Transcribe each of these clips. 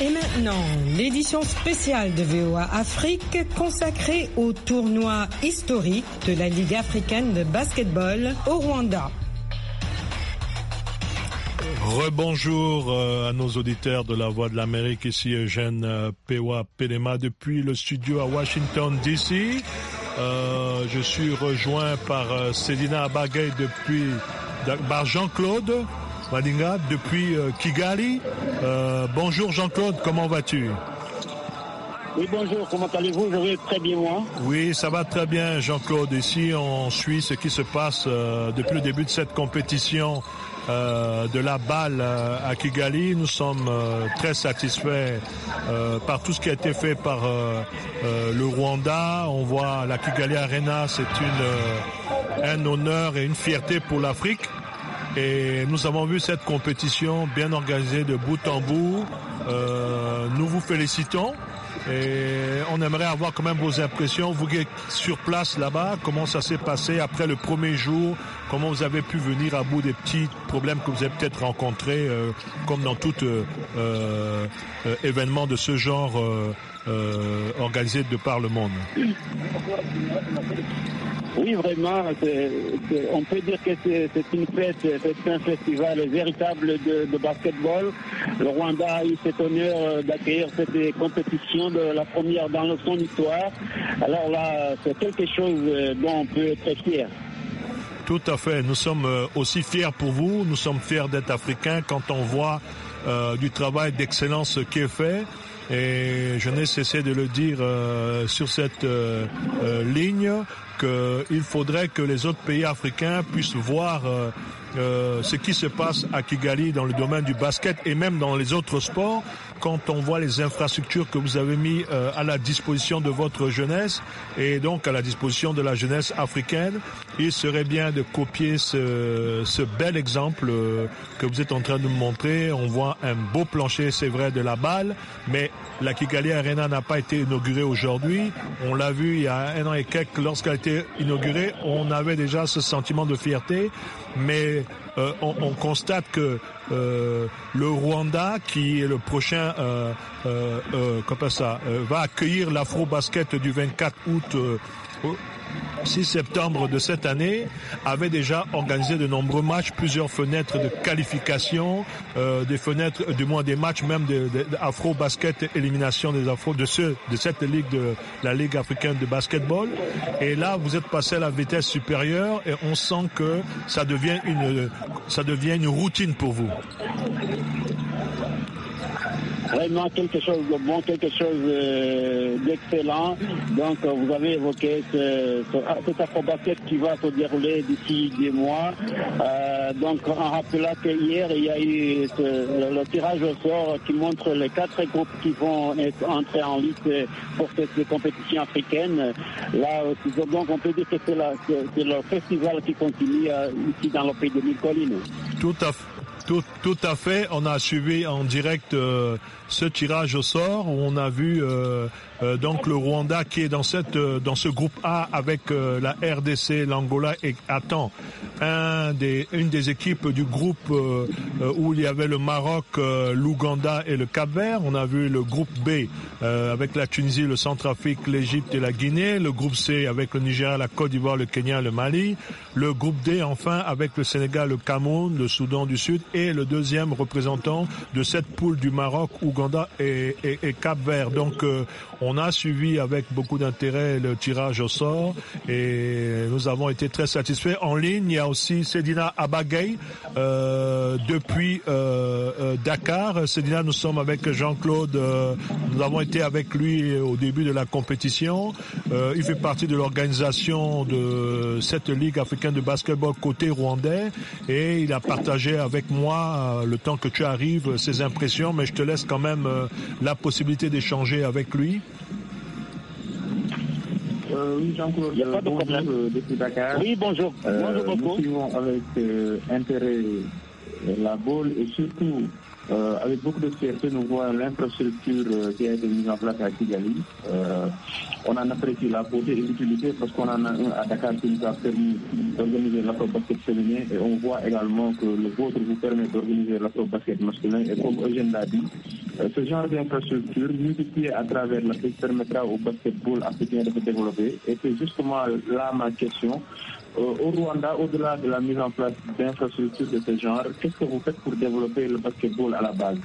Et maintenant, l'édition spéciale de VOA Afrique consacrée au tournoi historique de la Ligue africaine de basketball au Rwanda. Rebonjour euh, à nos auditeurs de la Voix de l'Amérique, ici Eugène euh, Pewa Pelema depuis le studio à Washington DC. Euh, je suis rejoint par Céline Abagay depuis par Jean-Claude Malinga depuis euh, Kigali. Euh, bonjour Jean-Claude, comment vas-tu oui, bonjour, comment allez-vous Je vais très bien, moi. Oui, ça va très bien, Jean-Claude. Ici, on suit ce qui se passe euh, depuis le début de cette compétition de la balle à Kigali. Nous sommes très satisfaits par tout ce qui a été fait par le Rwanda. On voit la Kigali Arena, c'est une un honneur et une fierté pour l'Afrique. Et nous avons vu cette compétition bien organisée de bout en bout. Euh, nous vous félicitons. Et on aimerait avoir quand même vos impressions, vous êtes sur place là-bas, comment ça s'est passé après le premier jour, comment vous avez pu venir à bout des petits problèmes que vous avez peut-être rencontrés, euh, comme dans tout euh, événement de ce genre organisé de par le monde. Oui, vraiment, on peut dire que c'est une fête, c'est un festival véritable de, basket basketball. Le Rwanda a eu cet honneur euh, d'accueillir cette compétition, de la première dans son histoire. Alors là, c'est quelque chose euh, dont on peut être fier. Tout à fait. Nous sommes euh, aussi fiers pour vous. Nous sommes fiers d'être africains quand on voit du travail d'excellence qui est fait. Et je n'ai cessé de le dire euh, sur cette euh, euh, ligne qu'il faudrait que les autres pays africains puissent voir euh, ce qui se passe à Kigali dans le domaine du basket et même dans les autres sports, quand on voit les infrastructures que vous avez mis euh, à la disposition de votre jeunesse et donc à la disposition de la jeunesse africaine, il serait bien de copier ce, bel exemple euh, que vous êtes en train de montrer. On voit un beau plancher, c'est vrai, de la balle, mais la Kigali Arena n'a pas été inaugurée aujourd'hui. On l'a vu il y a un an et quelques lorsqu'elle a été inaugurée, on avait déjà ce sentiment de fierté, mais euh, on, constate que euh, le Rwanda, qui est le prochain, euh, euh, euh ça, va accueillir l'Afro-Basket du 24 août 6 septembre de cette année, avait déjà organisé de nombreux matchs, plusieurs fenêtres de qualification, euh, des fenêtres, du moins des matchs même d'Afro Basket, élimination des Afro de de cette ligue de la Ligue africaine de basketball. Et là, vous êtes passé à la vitesse supérieure et on sent que ça devient une, ça devient une routine pour vous vraiment quelque chose de bon, quelque chose euh, d'excellent. Donc, euh, vous avez évoqué ce, ce, ah, qui va se dérouler d'ici des mois. Euh, donc, on rappelant que hier, il y a eu le, tirage au sort qui montre les quatre groupes qui vont être, entrés en liste pour cette compétition africaine. Là, donc, on peut dire que c'est le festival qui continue ici dans le pays de Nicolino. Tout à fait. Tout, tout, à fait. On a suivi en direct euh, ce tirage au sort où on a vu euh, euh, donc le Rwanda qui est dans cette euh, dans ce groupe A avec euh, la RDC, l'Angola et attend un des une des équipes du groupe où il y avait le Maroc, l'Ouganda et le Cap-Vert. On a vu le groupe B avec la Tunisie, le Centrafrique, l'Égypte et la Guinée. Le groupe C avec le Niger, la Côte d'Ivoire, le Kenya, le Mali. Le groupe D enfin avec le Sénégal, le Cameroun, le Soudan du Sud et le deuxième représentant de cette poule du Maroc, Ouganda et, et, et Cap-Vert. Donc on a suivi avec beaucoup d'intérêt le tirage au sort et nous avons été très satisfaits. En ligne, il y a aussi Sedina Abagay euh, depuis euh, euh Dakar. Sedina, nous sommes avec Jean-Claude. Euh, nous avons été avec lui au début de la compétition. Euh, il fait partie de l'organisation de cette Ligue africaine de basketball côté rwandais et il a partagé avec moi le temps que tu arrives ses impressions, mais je te laisse quand même la possibilité d'échanger avec lui. Euh, oui, Jean-Claude, euh, bonjour euh, depuis Dakar. Oui, bonjour. bonjour beaucoup. Nous suivons avec intérêt la boule et surtout avec beaucoup de fierté, nous voyons l'infrastructure qui a été mise en place à Kigali. on en apprécie la beauté et l'utilité parce qu'on en a un à Dakar qui nous a permis d'organiser l'afro-basket féminin et on voit également que le vôtre vous permet d'organiser l'afro-basket masculin et comme Eugène l'a dit, ce genre d'infrastructure multipliée à travers l'Afrique permettra au basketball africain de se développer. Et c'est justement là ma question. Euh, au Rwanda, au-delà de la mise en place d'infrastructures de ce genre, qu'est-ce que vous faites pour développer le basketball à la base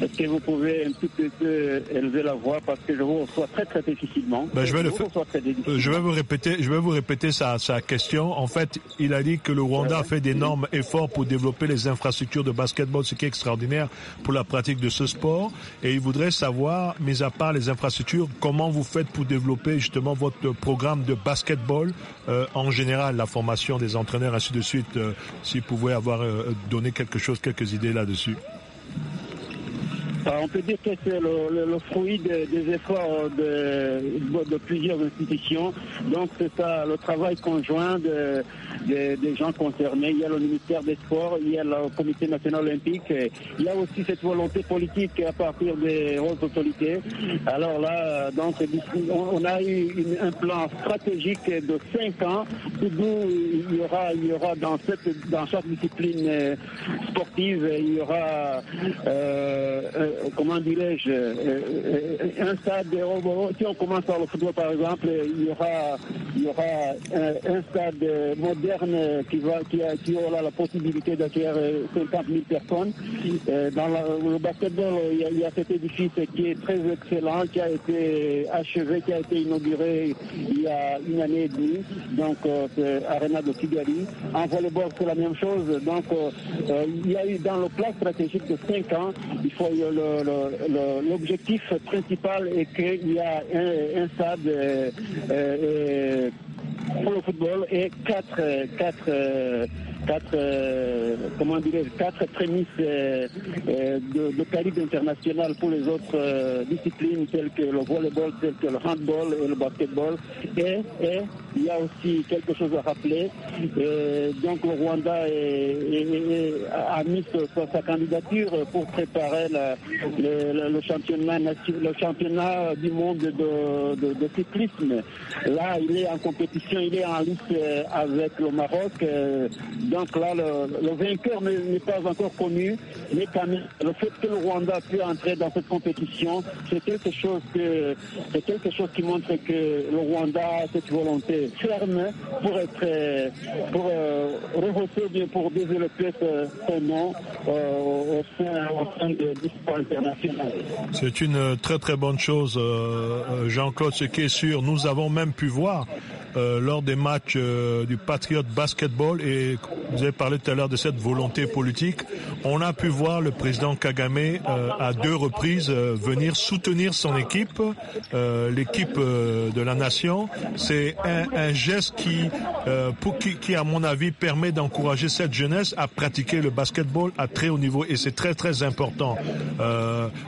est-ce que vous pouvez un petit peu élever la voix parce que je vous reçois très très difficilement. Ben, je vais le euh, Je vais vous répéter, je vais vous répéter sa, sa question. En fait, il a dit que le Rwanda a fait d'énormes efforts pour développer les infrastructures de basketball, ce qui est extraordinaire pour la pratique de ce sport. Et il voudrait savoir, mis à part les infrastructures, comment vous faites pour développer justement votre programme de basketball euh, en général, la formation des entraîneurs, ainsi de suite. Euh, si vous pouvez avoir donné quelque chose, quelques idées là-dessus. Bah, on peut dire que c'est le, fruit des efforts de, plusieurs institutions. Donc c'est ça le travail conjoint des gens concernés. Il y a le ministère des Sports, il y a le Comité national olympique. il y a aussi cette volonté politique à partir des hautes autorités. Alors là, donc on a eu un plan stratégique de 5 ans où il y aura, il y aura dans, chaque discipline sportive, il y aura euh, euh, comment dirais-je, euh, euh, un stade, si on commence par le football par exemple, il y aura, un, stade moderne qui, va, qui, a, qui aura la possibilité d'accueillir 50 000 personnes. Dans le basketball, il y, a, cet édifice qui est très excellent, qui a été achevé, qui a été inauguré il y a une année et demie, donc c'est Arena de Kigali. En volleyball, c'est la même chose. Donc, il y a eu dans le plan stratégique de 5 ans, il faut le l'objectif principal est qu'il y a un, stade euh, euh, euh, pour le football et quatre, quatre quatre, euh, comment dire, quatre prémices euh, euh, de, de calibre international pour les autres disciplines telles que le volleyball, telles que le handball et le basketball. Et, il y a aussi quelque chose à rappeler. donc le Rwanda est, a mis sa candidature pour préparer le, championnat, du monde de, cyclisme. Là, il est en compétition, il est en lice avec le Maroc. Donc là, le, vainqueur n'est pas encore connu, mais le fait que le Rwanda puisse entrer dans cette compétition, c'est quelque chose que c'est quelque chose qui montre que le Rwanda a cette volonté ferme pour être euh, pour euh, revoter, pour développer le euh, nom au sein, au sein de l'histoire international C'est une très très bonne chose, Jean-Claude. Ce qui est sûr, nous avons même pu voir lors des matchs du Patriot Basketball et vous avez parlé tout à l'heure de cette volonté politique. On a pu voir le président Kagame euh, à deux reprises euh, venir soutenir son équipe, euh, l'équipe de la nation. C'est un, geste qui, pour, qui, à mon avis, permet d'encourager cette jeunesse à pratiquer le basketball à très haut niveau et c'est très très important.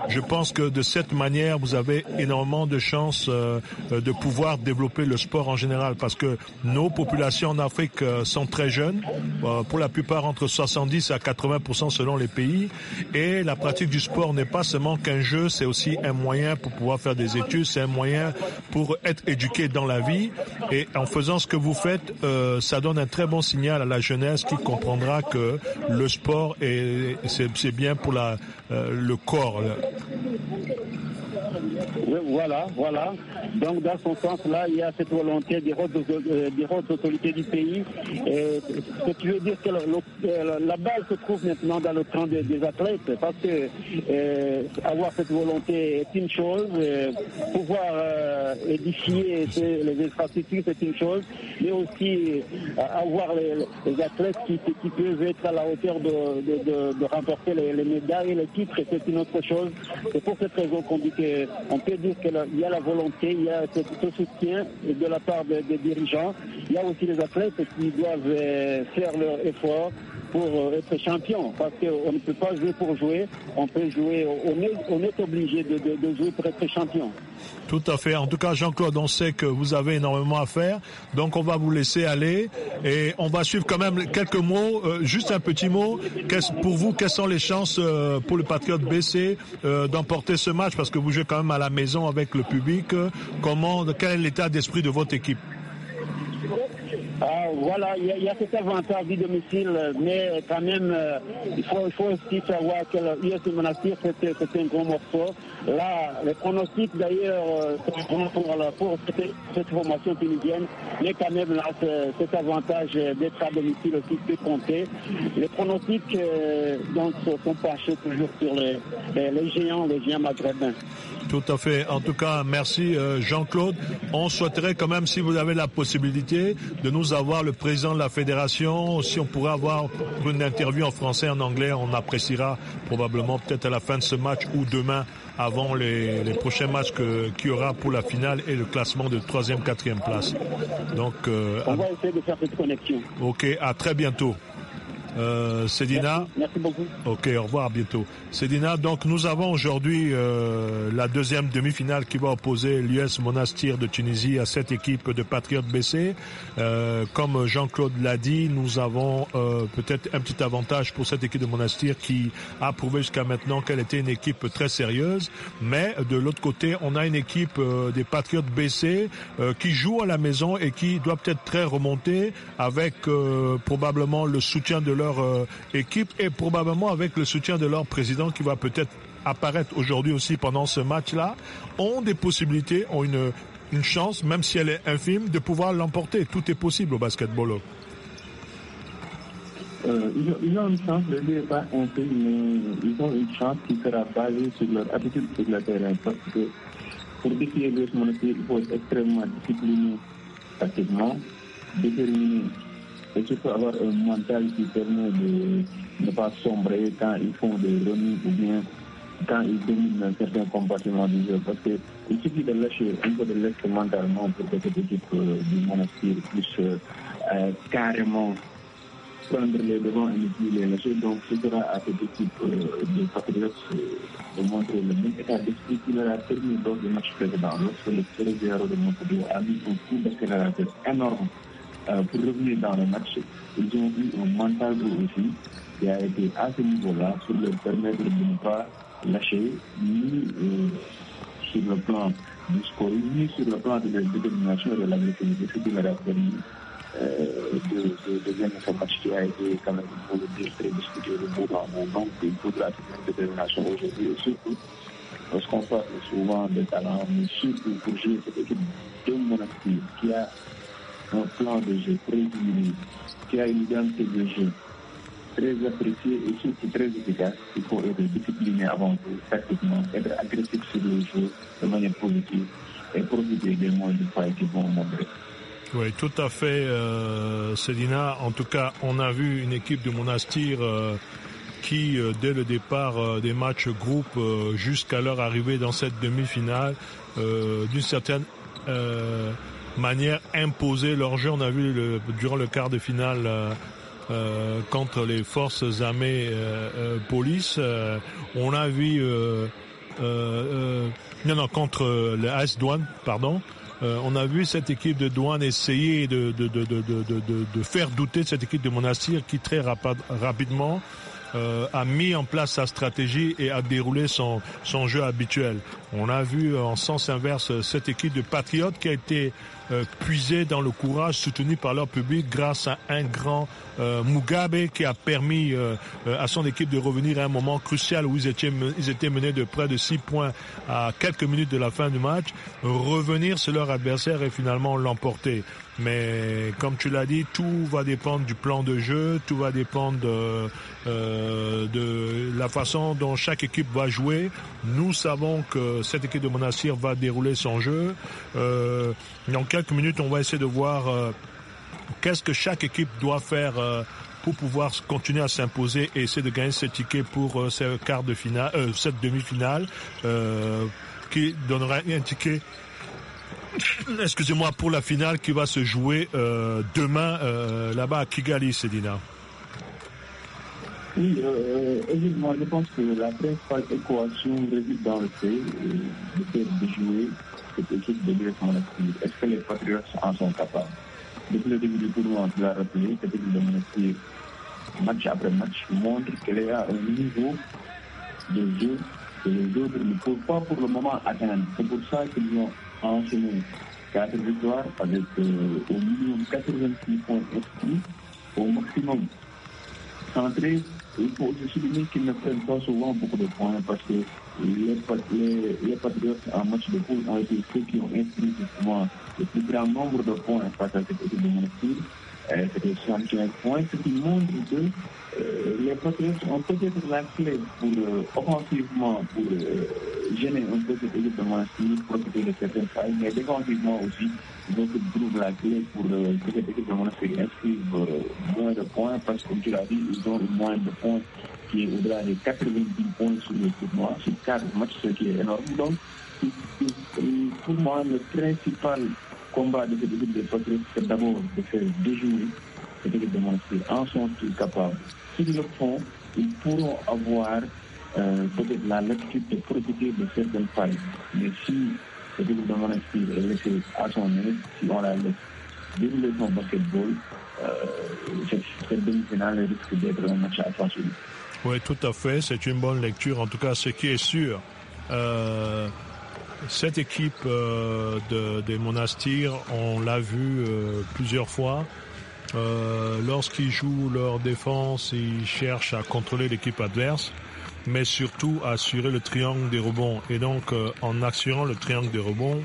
je pense que de cette manière, vous avez énormément de chances de pouvoir développer le sport en général parce que nos populations en Afrique sont très jeunes. Bah, pour la plupart entre 70 à 80 selon les pays. Et la pratique du sport n'est pas seulement qu'un jeu, c'est aussi un moyen pour pouvoir faire des études, c'est un moyen pour être éduqué dans la vie. Et en faisant ce que vous faites, euh, ça donne un très bon signal à la jeunesse qui comprendra que le sport est c'est bien pour la euh, le corps. Euh, voilà, voilà. Donc dans son sens-là, il y a cette volonté des hautes, euh, autorités du pays. ce qui veut dire que euh, la balle se trouve maintenant dans le camp des, athlètes, parce que avoir cette volonté est une chose, pouvoir édifier les infrastructures c'est une chose, mais aussi avoir les, athlètes qui, peuvent être à la hauteur de, remporter les, les médailles et les titres, c'est une autre chose. C'est pour cette raison qu'on dit qu'on peut dire qu'il y a la volonté, il y a ce, soutien de la part des, des dirigeants. Il y a aussi les athlètes qui doivent euh, faire leur effort pour euh, être champion, parce qu'on ne peut pas jouer pour jouer, on peut jouer, on est, on est obligé de, de, jouer pour être champion. Tout à fait. En tout cas, Jean-Claude, on sait que vous avez énormément à faire, donc on va vous laisser aller et on va suivre quand même quelques mots, euh, juste un petit mot. Pour vous, quelles sont les chances euh, pour le Patriote BC d'emporter ce match, parce que vous jouez quand même à la maison avec le public. Comment, quel est l'état d'esprit de votre équipe? Ah, voilà, il y, a cet avantage du domicile, mais quand même, euh, il, faut, il, faut, aussi savoir que l'US Monastir, c'était un gros morceau. Là, les pronostics d'ailleurs euh, sont bons pour, pour, cette, cette formation tunisienne, mais quand même, cet avantage d'être à domicile aussi peut compter. Les pronostics donc, sont penchés toujours sur les, les, géants, les géants maghrébins. Tout à fait. En tout cas, merci Jean-Claude. On souhaiterait quand même, si vous avez la possibilité, de nous avoir le président de la fédération. Si on pourra avoir une interview en français, en anglais, on appréciera probablement peut-être à la fin de ce match ou demain avant les, prochains matchs qu'il y aura pour la finale et le classement de 3 quatrième 4 place. Donc, euh, on va essayer de faire cette connexion. Ok, à très bientôt. Euh, Cédina. Ok, au revoir, bientôt. Cédina, donc nous avons aujourd'hui euh, la deuxième demi-finale qui va opposer l'US Monastir de Tunisie à cette équipe de Patriotes BC. Euh, comme Jean-Claude l'a dit, nous avons euh, peut-être un petit avantage pour cette équipe de Monastir qui a prouvé jusqu'à maintenant qu'elle était une équipe très sérieuse. Mais de l'autre côté, on a une équipe des Patriotes BC qui joue à la maison et qui doit peut-être très remonter avec probablement le soutien de leur euh, équipe et probablement avec le soutien de leur président qui va peut-être apparaître aujourd'hui aussi pendant ce match-là, ont des possibilités, ont une, une chance, même si elle est infime, de pouvoir l'emporter. Tout est possible au basketball. Euh, ils, ont, une chance, le pas infime, mais ils ont une chance qui sera basée sur leur habitude sur le terrain. Parce que pour défier le il faut être extrêmement discipliné, facilement, déterminé et qu'il faut avoir un mental qui permet de ne pas sombrer quand ils font des remises ou bien quand ils dominent un certain compartiment du jeu. Parce qu'il suffit de lâcher un peu de l'être mentalement pour que cette équipe euh, du monastère puisse euh, carrément prendre les devants et les lâcher. Donc c'est sera à cette équipe euh, de Patriots de montrer le même état d'esprit qui leur a permis dans du match précédent, lorsque le 0 de Montpellier, a mis un coup d'accélérateur énorme euh, pour revenir dans le match, ils ont eu un mental aussi qui a été à ce niveau-là pour leur permettre de ne pas lâcher ni euh, sur le plan du score, ni sur le plan de la détermination de la ce qui m'a permis euh, de, gagner match qui a été quand même, pour le dire, très discuté de bout en bout. Donc il faudra une détermination aujourd'hui et surtout qu'on parle souvent de talent, mais surtout pour jouer cette équipe de qui a un plan de jeu très diminué, qui a une identité de jeu très appréciée et surtout très efficace. Il faut être discipliné avant tout, tactiquement, être agressif sur le jeu de manière positive et profiter des moyens de faille qui vont montrer. Oui, tout à fait, euh, En tout cas, on a vu une équipe du Monastir euh, qui, euh, dès le départ euh, des matchs groupes, jusqu'à leur arrivée dans cette demi-finale, d'une certaine manière imposée leur jeu. On a vu le, durant le quart de finale euh, euh, contre les forces armées euh, euh police, on a vu non contre le AS Douane, pardon. on a vu cette équipe de douane essayer de, de, de, de, de faire douter cette équipe de Monastir qui très rapidement euh, a mis en place sa stratégie et a déroulé son, son jeu habituel. On a vu euh, en sens inverse euh, cette équipe de Patriotes qui a été puisée dans le courage soutenu par leur public grâce à un grand Mugabe qui a permis à son équipe de revenir à un moment crucial où ils étaient, ils étaient menés de près de 6 points à quelques minutes de la fin du match. Revenir sur leur adversaire et finalement l'emporter. Mais comme tu l'as dit, tout va dépendre du plan de jeu, tout va dépendre euh, euh, de, la façon dont chaque équipe va jouer. Nous savons que cette équipe de Monastir va dérouler son jeu. Euh, dans quelques minutes, on va essayer de voir euh, qu'est-ce que chaque équipe doit faire pour pouvoir continuer à s'imposer et essayer de gagner ce ticket pour quart de finale, cette demi-finale qui donnera un ticket excusez-moi, pour la finale qui va se jouer euh, demain euh, là-bas à Kigali, Sedina. Oui, évidemment euh, je pense que la principale équation réside dans le fait de jouer cette équipe de l'US Est-ce que les Patriots en sont capables Depuis le début du tournoi, on l'a rappelé, cette équipe de Monastir, match après match, montre qu'elle est à un niveau de jeu que les autres ne peuvent pas pour le moment atteindre. C'est pour ça qu'ils ont en ce moment, 4 victoires avec au minimum 86 points obtenus, au maximum 113. Il faut aussi souligner qu'ils ne prennent pas souvent beaucoup de points parce que les, les, les Patriotes en match de poule ont été ceux qui ont inscrit justement le plus grand nombre de points face à cette équipe de euh, c'est des champions points, ce qui montre que euh, les ont peut-être la clé pour offensivement pour euh, gêner un peu cette équipe de Mancini, profiter de certaines failles, mais défensivement aussi, donc être la clé pour que cette équipe de inscrive moins de points parce que comme tu l'as dit, ils ont moins de points qui est au-delà des 90 points sur le tournoi, sur 4 matchs, ce qui est énorme. Donc, pour moi, le principal combat de cette équipe de Patriotes, c'est d'abord de faire deux jours. cette équipe de Manchester. En sont-ils capables S'ils le font, ils pourront avoir euh, peut-être la lecture de protéger de certaines failles. Mais si cette équipe de Manchester est laissée à son aide, si on la laisse dérouler son basketball, euh, cette, cette demi-finale risque d'être un match à facile. Oui, tout à fait. C'est une bonne lecture. En tout cas, ce qui est sûr. Euh, cette équipe euh, de, des Monastires, on l'a vu euh, plusieurs fois. Euh, lorsqu'ils jouent leur défense, ils cherchent à contrôler l'équipe adverse, mais surtout à assurer le triangle des rebonds. Et donc, en assurant le triangle des rebonds,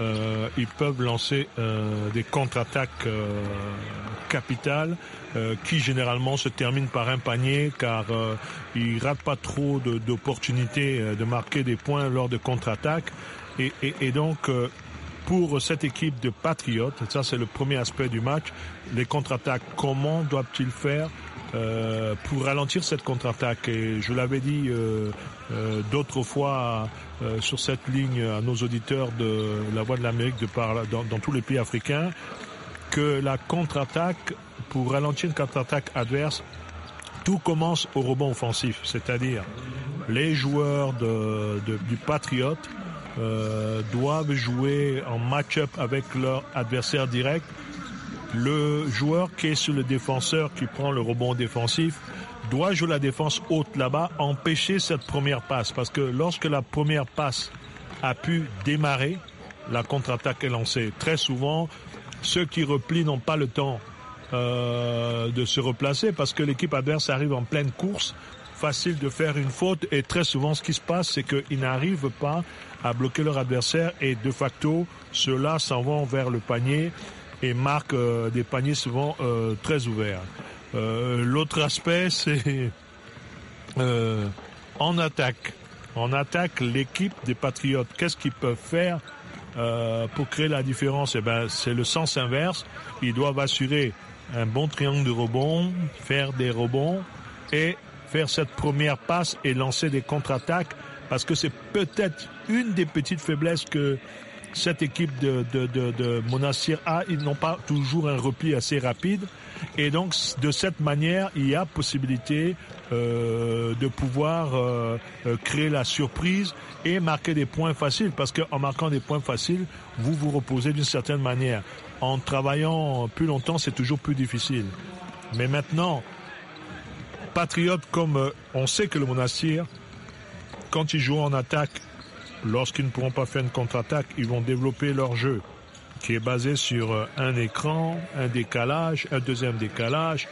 euh, ils peuvent lancer euh, des contre-attaques euh, capitales qui généralement se terminent par un panier car ils ratent pas trop d'opportunités de, marquer des points lors de contre-attaques. Et, et, donc, pour cette équipe de Patriotes, ça c'est le premier aspect du match, les contre-attaques, comment doivent-ils faire euh, pour ralentir cette contre-attaque. Et je l'avais dit euh, euh, d'autres fois sur cette ligne à nos auditeurs de la Voix de l'Amérique de par, dans, tous les pays africains que la contre-attaque, pour ralentir une contre-attaque adverse, tout commence au rebond offensif, c'est-à-dire les joueurs du Patriote doivent jouer en match-up avec leur adversaire direct le joueur qui est sur le défenseur, qui prend le rebond défensif, doit jouer la défense haute là-bas, empêcher cette première passe. Parce que lorsque la première passe a pu démarrer, la contre-attaque est lancée. Très souvent, ceux qui replient n'ont pas le temps euh, de se replacer parce que l'équipe adverse arrive en pleine course. Facile de faire une faute et très souvent ce qui se passe, c'est qu'ils n'arrivent pas à bloquer leur adversaire et de facto, ceux-là s'en vont vers le panier et marque euh, des paniers souvent euh, très ouverts. Euh, l'autre aspect, c'est en attaque. En attaque, l'équipe des Patriotes, qu'est-ce qu'ils peuvent faire pour créer la différence, eh ben, c'est le sens inverse. Ils doivent assurer un bon triangle de rebond, faire des rebonds et faire cette première passe et lancer des contre-attaques parce que c'est peut-être une des petites faiblesses que cette équipe de, de, de, de Monastir A, ils n'ont pas toujours un repli assez rapide. Et donc, de cette manière, il y a possibilité euh, de pouvoir euh, euh, créer la surprise et marquer des points faciles. Parce qu'en marquant des points faciles, vous vous reposez d'une certaine manière. En travaillant plus longtemps, c'est toujours plus difficile. Mais maintenant, patriote comme on sait que le Monastir, quand il joue en attaque, lorsqu'ils ne pourront pas faire une contre-attaque, ils vont développer leur jeu, qui est basé sur euh, un écran, un décalage, un deuxième décalage,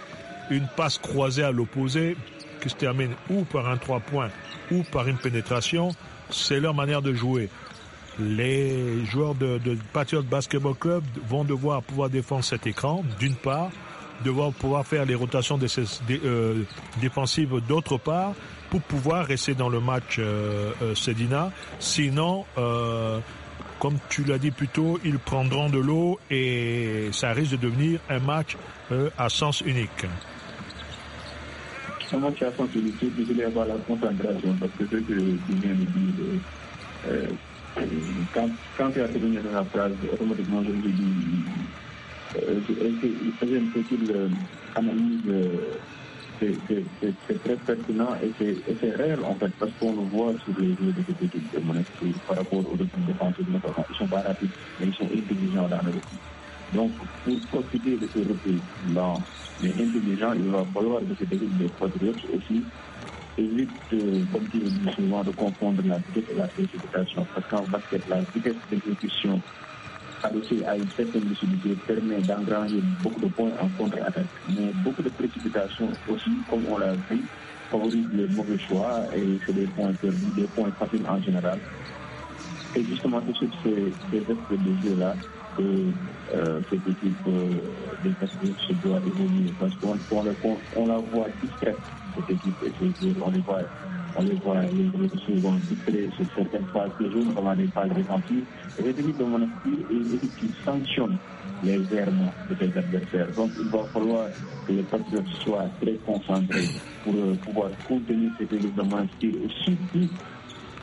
une passe croisée à l'opposé, qui se termine ou par un trois points ou par une pénétration. C'est leur manière de jouer. Les joueurs de, de Patriot Basketball Club vont devoir pouvoir défendre cet écran, d'une part, devoir pouvoir faire les rotations euh, défensives d'autre part pour pouvoir rester dans le match euh, euh, Sedina. Sinon, comme tu l'as dit plus tôt, ils prendront de l'eau et ça risque de devenir un match à sens unique. la euh, il faisait une petite euh, analyse euh, c'est très pertinent et c'est réel en fait, parce qu'on le voit sur les jeux de l'équipe de Monaco par rapport aux de défensives notamment. Ils sont pas rapides, mais ils sont intelligents dans le recul. Donc, pour profiter de ce repli-là, mais intelligents, il va falloir que cette équipe de Patriots aussi évite, comme tu le dis souvent, de confondre la vitesse et la précipitation. Parce qu'en basket, la vitesse d'exécution adopté à une certaine possibilité permet d'engranger beaucoup de points en contre-attaque. Mais beaucoup de précipitations aussi, comme on l'a vu, favorisent les mauvais choix et c'est des points perdus, des points faciles en général. Et justement, c'est sur ces, de jeu-là que euh, cette équipe euh, de se doit évoluer. Parce qu'on on, on la voit discrète, cette équipe, et on les voit on les voit œuvrer souvent titrer sur certaines pages de jeu, notamment des pages les équipes de mon esprit et, qui sanctionnent les erreurs de ses adversaires. Donc il va falloir que les patriotes soient très concentrés pour euh, pouvoir contenir ces élus de mon esprit et surtout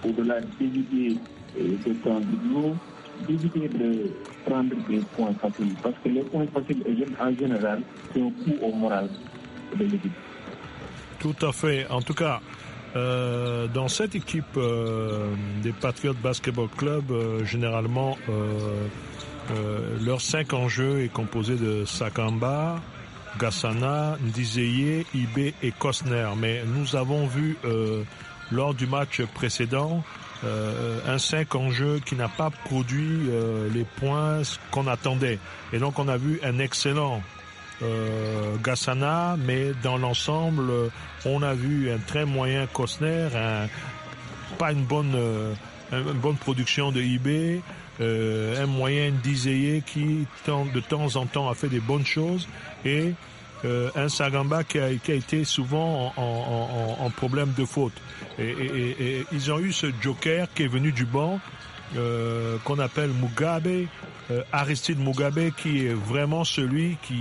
au-delà d'éviter euh, de temps de d'éviter de prendre des points faciles. Parce que les points faciles, en général, c'est un coup au moral de l'équipe. Tout à fait. En tout cas, euh, dans cette équipe euh, des Patriots Basketball Club, euh, généralement, euh, leur cinq enjeux est composé de Sakamba, Gassana, Ndizeye, Ibe et Kosner. Mais nous avons vu lors du match précédent un cinq en qui n'a pas produit les points qu'on attendait. Et donc on a vu un excellent euh, Gassana, mais dans l'ensemble, on a vu un très moyen Costner, pas une bonne, euh, bonne production de eBay, euh, un moyen Dizeye qui de temps en temps a fait des bonnes choses et euh, un Sagamba qui a, été souvent en, problème de faute. Et, ils ont eu ce joker qui est venu du banc, qu'on appelle Mugabe, euh, Aristide Mugabe qui est vraiment celui qui,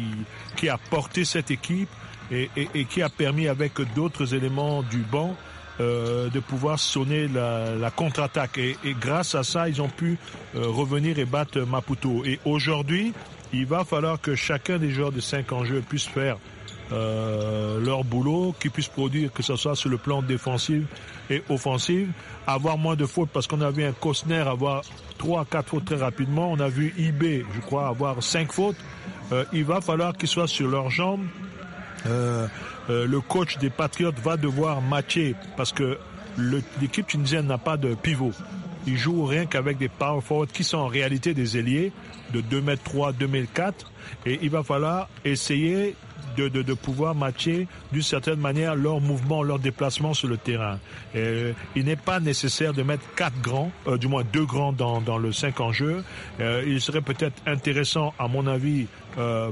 qui a porté cette équipe et, et, qui a permis avec d'autres éléments du banc euh, de pouvoir sonner la, contre-attaque. Et, et, grâce à ça, ils ont pu euh, revenir et battre Maputo. Et aujourd'hui, il va falloir que chacun des joueurs de cinq enjeux puisse faire euh, leur boulot, qu'ils puissent produire, que ce soit sur le plan défensif et offensif, avoir moins de fautes parce qu'on a vu un Costner avoir 3 4 fautes très rapidement, on a vu IB, je crois, avoir cinq fautes. Euh, il va falloir qu'ils soient sur leurs jambes. Euh, euh, le coach des Patriotes va devoir matcher parce que l'équipe tunisienne n'a pas de pivot. Ils jouent rien qu'avec des power forwards qui sont en réalité des ailiers de 2 m 3, 2 mètres 4. Et il va falloir essayer de, pouvoir matcher d'une certaine manière leur mouvement leur déplacement sur le terrain. Euh, il n'est pas nécessaire de mettre quatre grands, euh, du moins deux grands dans, dans le cinq en jeu. Euh, il serait peut-être intéressant, à mon avis,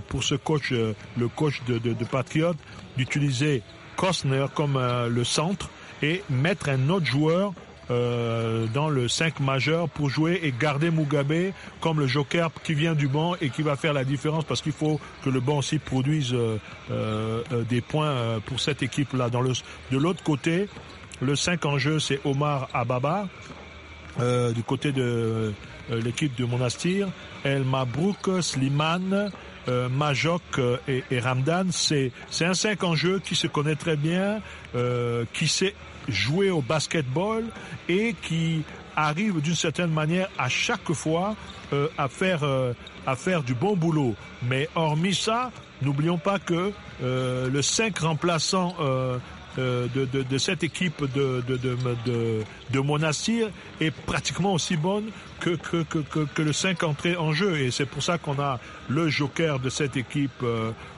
pour ce coach, le coach de, de, de Patriot, d'utiliser Costner comme le centre et mettre un autre joueur euh, dans le 5 majeur pour jouer et garder Mugabe comme le joker qui vient du banc et qui va faire la différence parce qu'il faut que le banc aussi produise euh, euh, des points pour cette équipe-là. Dans le, de l'autre côté, le 5 en jeu, c'est Omar Ababa du côté de l'équipe de Monastir. El Mabrouk, Slimane, Majok et, et Ramdan, c'est un 5 en jeu qui se connaît très bien, qui sait jouer au basketball et qui arrive d'une certaine manière à chaque fois euh, à faire euh, à faire du bon boulot. Mais hormis ça, n'oublions pas que euh, le 5 remplaçant de, de, cette équipe de, de, de, de, Monastir est pratiquement aussi bonne que, que, que, que, le 5 entré en jeu. Et c'est pour ça qu'on a le joker de cette équipe,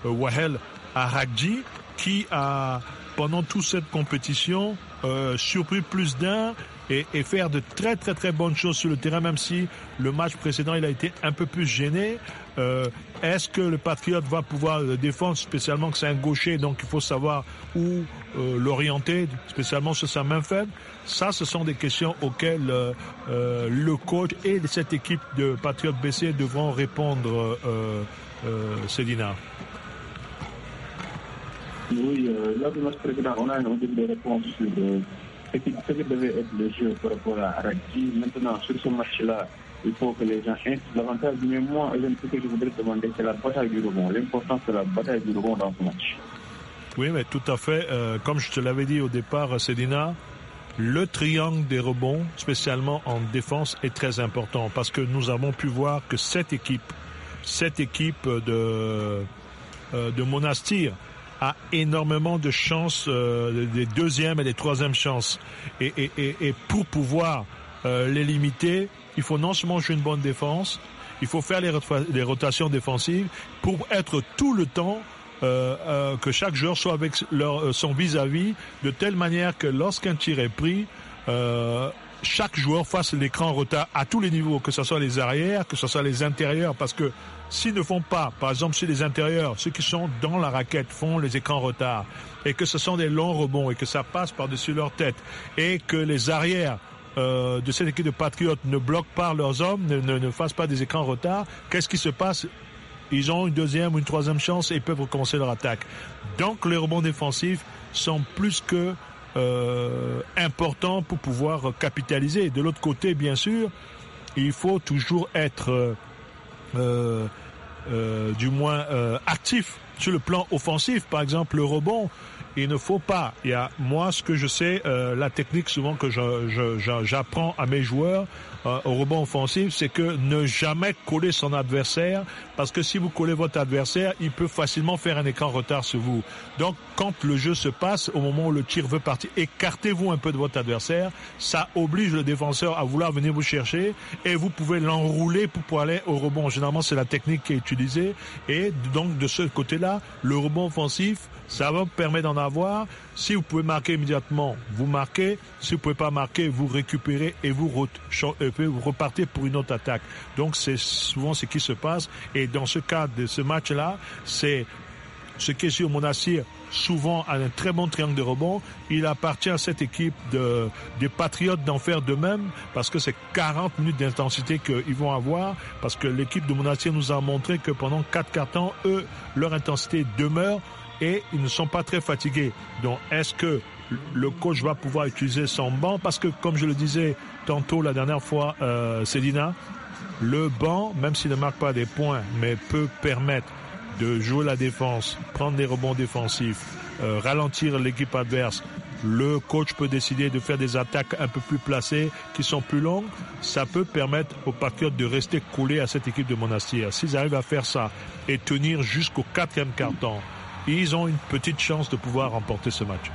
Wahel Arakji, qui a, pendant toute cette compétition, euh, surpris plus d'un et, faire de très très très bonnes choses sur le terrain, même si le match précédent il a été un peu plus gêné. Euh, est-ce que le Patriote va pouvoir le défendre, spécialement que c'est un gaucher, donc il faut savoir où euh, l'orienter, spécialement sur sa main faible Ça, ce sont des questions auxquelles le coach et cette équipe de Patriote BC devront répondre, euh, oui, là euh, lors notre président, on a une des sur euh, ce, qui, ce, qui, devait être le jeu par rapport à Maintenant, sur ce match-là, il faut que les gens aient davantage. Mais moi, ce que je voudrais demander, c'est la bataille du rebond, l'importance de la bataille du rebond dans ce match. Oui, mais tout à fait. Euh, comme je te l'avais dit au départ, Sédina, le triangle des rebonds, spécialement en défense, est très important parce que nous avons pu voir que cette équipe, cette équipe de, de Monastir, a énormément de chances, euh, des deuxièmes et des troisièmes chances. Et, et, et, et pour pouvoir euh, les limiter, il faut non seulement jouer une bonne défense, il faut faire les, rotations défensives pour être tout le temps euh, euh que chaque joueur soit avec leur, son vis-à-vis, de telle manière que lorsqu'un tir est pris, chaque joueur fasse l'écran retard à tous les niveaux, que ce soit les arrières, que ce soit les intérieurs, parce que s'ils ne font pas, par exemple chez les intérieurs, ceux qui sont dans la raquette font les écrans retard, et que ce sont des longs rebonds, et que ça passe par-dessus leur tête, et que les arrières euh, de cette équipe de Patriotes ne bloquent pas leurs hommes, ne, ne, ne fassent pas des écrans retard, qu'est-ce qui se passe ils ont une deuxième ou une troisième chance et peuvent recommencer leur attaque. Donc les rebonds défensifs sont plus que euh, importants pour pouvoir capitaliser. De l'autre côté, bien sûr, il faut toujours être euh, euh, euh, du moins euh, actif sur le plan offensif, par exemple le rebond, il ne faut pas. Il moi, ce que je sais, euh, la technique souvent que j'apprends à mes joueurs euh, au rebond offensif, c'est que ne jamais coller son adversaire, parce que si vous collez votre adversaire, il peut facilement faire un écran retard sur vous. Donc, quand le jeu se passe, au moment où le tir veut partir, écartez-vous un peu de votre adversaire. Ça oblige le défenseur à vouloir venir vous chercher et vous pouvez l'enrouler pour, pouvoir aller au rebond. Généralement, c'est la technique qui est utilisée. Et donc, de ce côté-là, le rebond offensif, ça va vous permettre d'en avoir si vous pouvez marquer immédiatement, vous marquez. Si vous pouvez pas marquer, vous récupérez euh, et vous, repartez pour une autre attaque. Donc c'est souvent ce qui se passe. Et dans ce cas de ce match-là, c'est ce qui est sur mon souvent à un très bon triangle de rebond. Il appartient à cette équipe de, des Patriotes d'en faire de même parce que c'est 40 minutes d'intensité qu'ils vont avoir parce que l'équipe de Monastir nous a montré que pendant 4-4 ans eux, leur intensité demeure et ils ne sont pas très fatigués. Donc, est-ce que le coach va pouvoir utiliser son banc Parce que, comme je le disais tantôt la dernière fois, euh, Cédina, le banc, même s'il ne marque pas des points, mais peut permettre de jouer la défense, prendre des rebonds défensifs, euh, ralentir l'équipe adverse. Le coach peut décider de faire des attaques un peu plus placées, qui sont plus longues. Ça peut permettre aux parcours de rester coulé à cette équipe de Monastir. S'ils arrivent à faire ça et tenir jusqu'au quatrième quart ils ont une petite chance de pouvoir remporter ce match.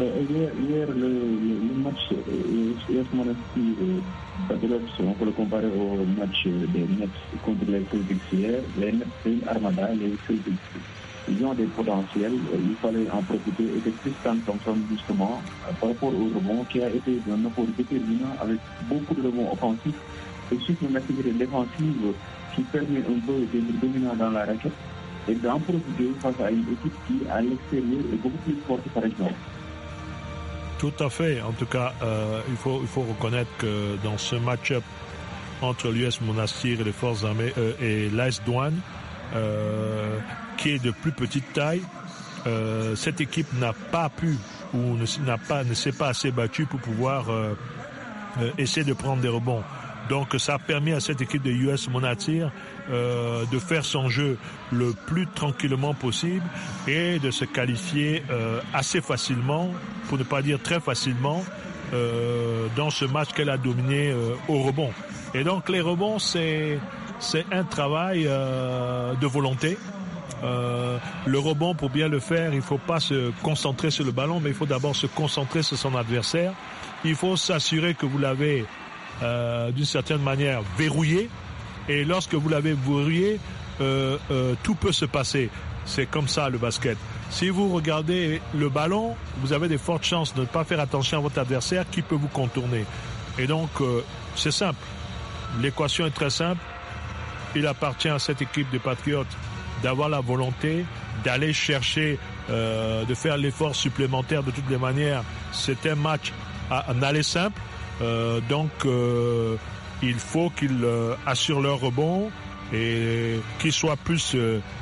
Euh, hier, hier le, le, match euh, ce si euh, on peut le comparer au match des Nets contre les Celtics hier, les Nets c'est une armada, les Celtics ils ont des potentiels, il fallait en profiter et c'est Tristan Thompson justement par rapport au rebond qui a été un opportunité déterminant avec beaucoup de rebonds offensifs et surtout une activité défensive qui permet un peu d'être dominant dans la raquette Exemple, de face à une équipe qui, a l'extérieur, beaucoup plus forte, par exemple. Tout à fait. En tout cas, euh, il, faut, il faut reconnaître que dans ce match-up entre l'US Monastir et les forces armées euh, et l'AS Douane, euh, qui est de plus petite taille, cette équipe n'a pas pu ou ne, pas, ne s'est pas assez battue pour pouvoir essayer de prendre des rebonds. Donc ça a permis à cette équipe de US Monatir euh, de faire son jeu le plus tranquillement possible et de se qualifier euh, assez facilement, pour ne pas dire très facilement, euh, dans ce match qu'elle a dominé euh, au rebond. Et donc les rebonds, c'est c'est un travail de volonté. le rebond, pour bien le faire, il faut pas se concentrer sur le ballon, mais il faut d'abord se concentrer sur son adversaire. Il faut s'assurer que vous l'avez euh, d'une certaine manière verrouillé. Et lorsque vous l'avez verrouillé, euh, euh, tout peut se passer. C'est comme ça le basket. Si vous regardez le ballon, vous avez des fortes chances de ne pas faire attention à votre adversaire qui peut vous contourner. Et donc, c'est simple. L'équation est très simple. Il appartient à cette équipe de Patriotes d'avoir la volonté d'aller chercher, de faire l'effort supplémentaire de toutes les manières. C'est un match à aller simple, euh, donc, euh, il faut qu'ils euh, assurent leur rebond et qu'ils soient plus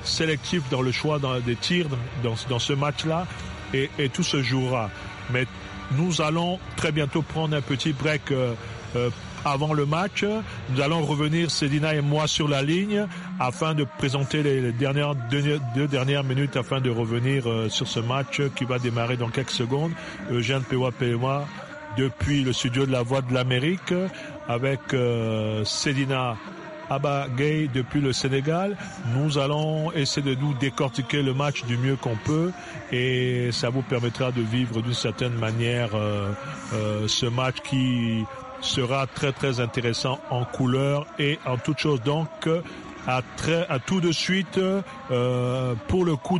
sélectifs dans le choix des tirs dans, ce match-là et, tout se jouera. Mais nous allons très bientôt prendre un petit break avant le match. Nous allons revenir, Sedina et moi, sur la ligne afin de présenter les dernières, deux, dernières minutes afin de revenir sur ce match qui va démarrer dans quelques secondes. Eugène Péwa et moi depuis le studio de la Voix de l'Amérique avec euh, Sedina Abba Gay depuis le Sénégal. Nous allons essayer de nous décortiquer le match du mieux qu'on peut et ça vous permettra de vivre d'une certaine manière euh, euh, ce match qui sera très très intéressant en couleur et en toute chose. Donc à, très, à tout de suite euh, pour le coup.